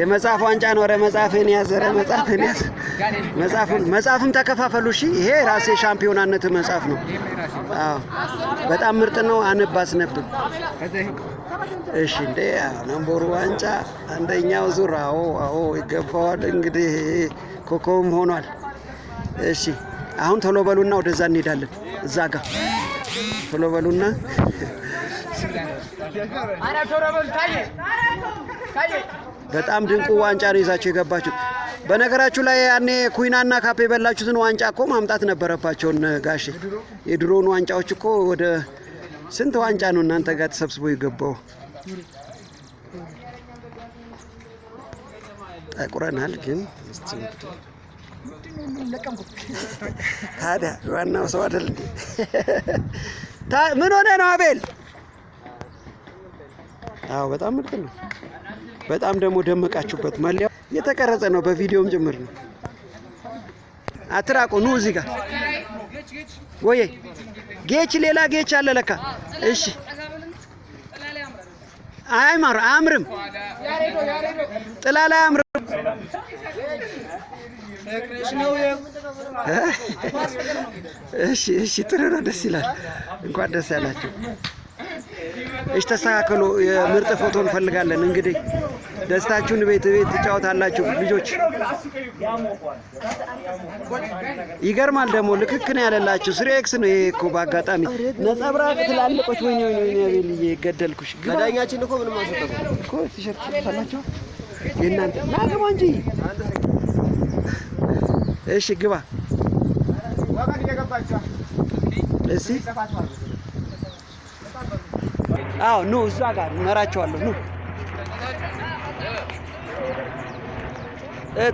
የመጽሐፍ ዋንጫ ነው። ኧረ መጽሐፍን ያዝ! ኧረ መጽሐፍን ያዝ! መጽሐፍን መጽሐፍም ተከፋፈሉ። እሺ፣ ይሄ ራሴ ሻምፒዮናነት መጽሐፍ ነው። አዎ፣ በጣም ምርጥ ነው። አንብ አስነብብ። እሺ፣ እንዴ ነምቦሩ ዋንጫ አንደኛው ዙር። አዎ፣ አዎ፣ ይገባዋል። እንግዲህ ኮከብም ሆኗል። እሺ፣ አሁን ቶሎ በሉና ወደዛ እንሄዳለን። እዛ ጋር ቶሎ በሉና አና ቶሎ በሉ ታዬ ታዬ በጣም ድንቁ ዋንጫ ነው ይዛችሁ የገባችሁት። በነገራችሁ ላይ ያኔ ኩይናና ካፕ የበላችሁትን ዋንጫ እኮ ማምጣት ነበረባቸውን ጋሼ። የድሮውን ዋንጫዎች እኮ ወደ ስንት ዋንጫ ነው እናንተ ጋር ተሰብስቦ የገባው? ጠቁረናል ግን ታዲያ ዋናው ሰው አይደል? ምን ሆነ ነው አቤል? አዎ በጣም ምርጥ ነው። በጣም ደግሞ ደመቃችሁበት። መለያው የተቀረጸ ነው በቪዲዮም ጭምር ነው። አትራቁ፣ ኑ እዚህ ጋር ወይ ጌች፣ ሌላ ጌች አለ ለካ። እሺ አይማር አያምርም፣ ጥላ ላይ እሺ እሺ፣ ጥሩ ነው፣ ደስ ይላል። እንኳን ደስ ያላችሁ። እሽ፣ ተስተካከሉ። የምርጥ ፎቶ እንፈልጋለን። እንግዲህ ደስታችሁን ቤት ቤት ትጫወታላችሁ ልጆች። ይገርማል ደግሞ ልክክ ነው ያለላችሁ። ስሪ ኤክስ ነው ይሄ እኮ በአጋጣሚ ነጸብራቅ ትላልቆች። ወይ ወይ ወይ አቤልዬ ገደልኩሽ። ገዳኛችን እኮ ምንም አሰጠው እኮ ቲሸርት ታላችሁ የእናንተ ናገባ እንጂ እሺ፣ ግባ እሺ አዎ ኑ እዛ ጋር እመራቸዋለሁ። ኑ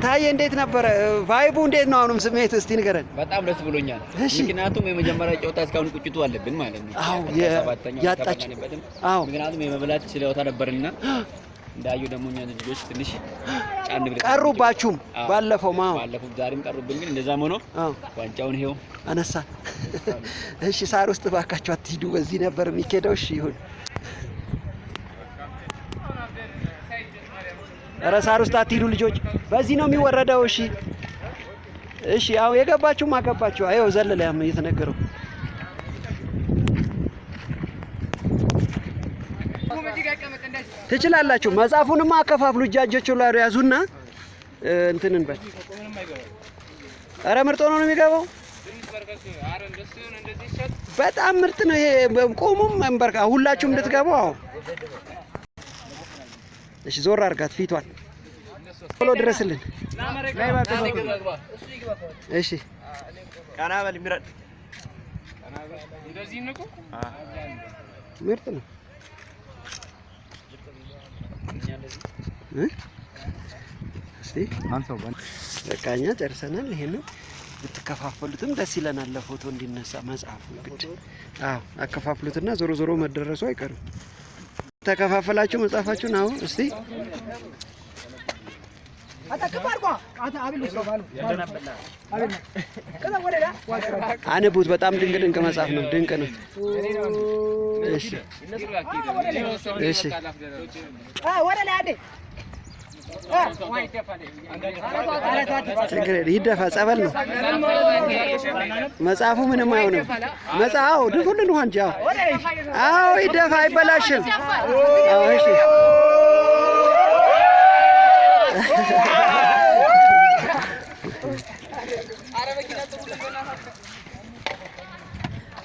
ታዬ፣ እንዴት ነበረ ቫይቡ? እንዴት ነው አሁንም ስሜት እስቲ ንገረን። በጣም ደስ ብሎኛል። ምክንያቱም የመጀመሪያ ጨዋታ እስካሁን ቁጭቱ አለብን ማለት ነው። አዎ ያጣች አዎ፣ ምክንያቱም የመብላት ችሎታ ነበርና እንዳዩ ደግሞ እኛ ልጆች ትንሽ ጫን ብለ ቀሩባችሁም፣ ባለፈው ማው ባለፈው ዛሬም ቀሩብን፣ ግን እንደዛ ሆኖ ዋንጫውን ይሄው አነሳ። እሺ፣ ሳር ውስጥ ባካችሁ አትሂዱ፣ በዚህ ነበር የሚኬደው። እሺ ይሁን። ኧረ ሳር ውስጥ አትሂዱ ልጆች፣ በዚህ ነው የሚወረደው። እሺ እሺ፣ አዎ የገባችሁ ማገባችሁ፣ አይው ዘለለ ያም እየተነገረው ትችላላችሁ። መጽሐፉንማ አከፋፍሉ፣ እጃጆቹ ላይ ያዙና እንትንን በል። ኧረ ምርጥ ሆኖ ነው የሚገባው። በጣም ምርጥ ነው ይሄ። ቆሙም እንበርካ፣ ሁላችሁም እንድትገቡ አዎ እሺ ዞር አርጋት ፊቷን ቶሎ ድረስልን። እሺ ቀና በል ምረጥ። ምርጥ ነው። እስቲ በቃኛ ጨርሰናል። ይሄንን ብትከፋፈሉትም ደስ ይለናል። ለፎቶ እንዲነሳ መጽሐፉ ግድ አዎ፣ አከፋፍሉትና ዞሮ ዞሮ መደረሱ አይቀርም። ተከፋፈላችሁ መጽሐፋችሁን አሁን እስቲ አንቡት። በጣም ድንቅ ድንቅ መጽሐፍ ነው። ድንቅ ነው። እሺ እሺ ችግር ይደፋ፣ ጸበል ነው መጽሐፉ። ምንም አይሆንም መጽሐፉ። ድፉልን ውሃ እንጂ። አዎ ይደፋ፣ አይበላሽም። አዎ እሺ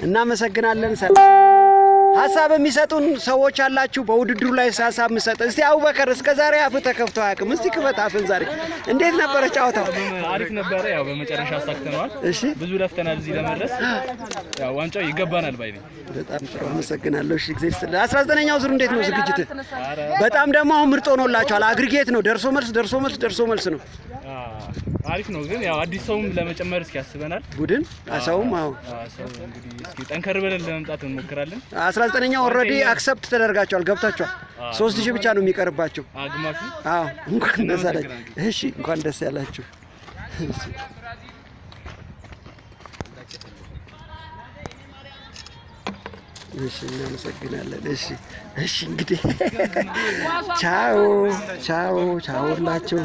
እናመሰግናለን። ሰላም ሀሳብ የሚሰጡን ሰዎች አላችሁ። በውድድሩ ላይ ሀሳብ የምሰጥ እስቲ አቡበከር፣ እስከ ዛሬ አፍ ተከፍቶ አያውቅም። እስቲ ክፈት አፍን። ዛሬ እንዴት ነበረ ጨዋታው? አሪፍ ነበረ። ያው በመጨረሻ አሳክተነዋል። እሺ፣ ብዙ ለፍተናል እዚህ ለመድረስ። ያው ዋንጫው ይገባናል ባይ ነኝ። በጣም ጥሩ አመሰግናለሁ። እሺ፣ ጊዜ ስለ 19ኛው ዙር እንዴት ነው ዝግጅት? በጣም ደግሞ አሁን ምርጥ ሆኖላችኋል። አግሪጌት ነው፣ ደርሶ መልስ፣ ደርሶ መልስ፣ ደርሶ መልስ ነው አሪፍ ነው ግን ያው አዲስ ሰውም ለመጨመር እስኪ ያስበናል ቡድን ሰውም አሁን እንግዲህ እስኪ ጠንከር ብለን ለመምጣት እንሞክራለን። 19ኛ ኦልሬዲ አክሰፕት ተደርጋቸዋል፣ ገብታቸዋል። ሶስት ሺህ ብቻ ነው የሚቀርባቸው አግማሽ አዎ እንኳን ደስ አላችሁ። እሺ እንኳን ደስ ያላችሁ። እሺ እናመሰግናለን። እሺ እሺ እንግዲህ ቻው ቻው ቻው ሁላችሁ